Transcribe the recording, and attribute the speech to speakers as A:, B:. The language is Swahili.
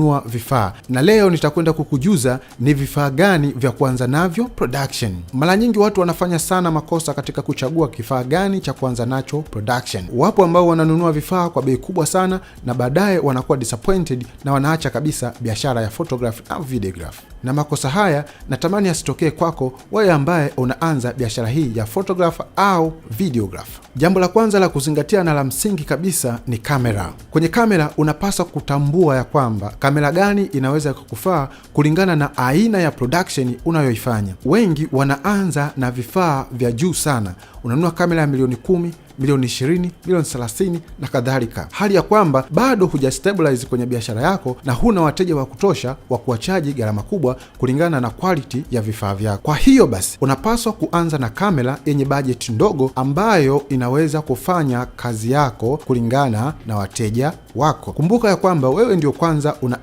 A: nunua vifaa, na leo nitakwenda kukujuza ni vifaa gani vya kuanza navyo production. Mara nyingi watu wanafanya sana makosa katika kuchagua kifaa gani cha kuanza nacho production. Wapo ambao wananunua vifaa kwa bei kubwa sana, na baadaye wanakuwa disappointed na wanaacha kabisa biashara ya photograph na videograph. Na makosa haya natamani yasitokee kwako wewe ambaye unaanza biashara hii ya photograph au videograph. Jambo la kwanza la kuzingatia na la msingi kabisa ni kamera. Kwenye kamera unapaswa kutambua ya kwamba kamera gani inaweza kukufaa kulingana na aina ya production unayoifanya. Wengi wanaanza na vifaa vya juu sana, unanunua kamera ya milioni kumi milioni 20, milioni 30 na kadhalika, hali ya kwamba bado hujastabilize kwenye biashara yako na huna wateja wa kutosha wa kuwachaji gharama kubwa kulingana na quality ya vifaa vyako. Kwa hiyo basi, unapaswa kuanza na kamera yenye bajeti ndogo ambayo inaweza kufanya kazi yako kulingana na wateja wako. Kumbuka ya kwamba wewe ndio kwanza una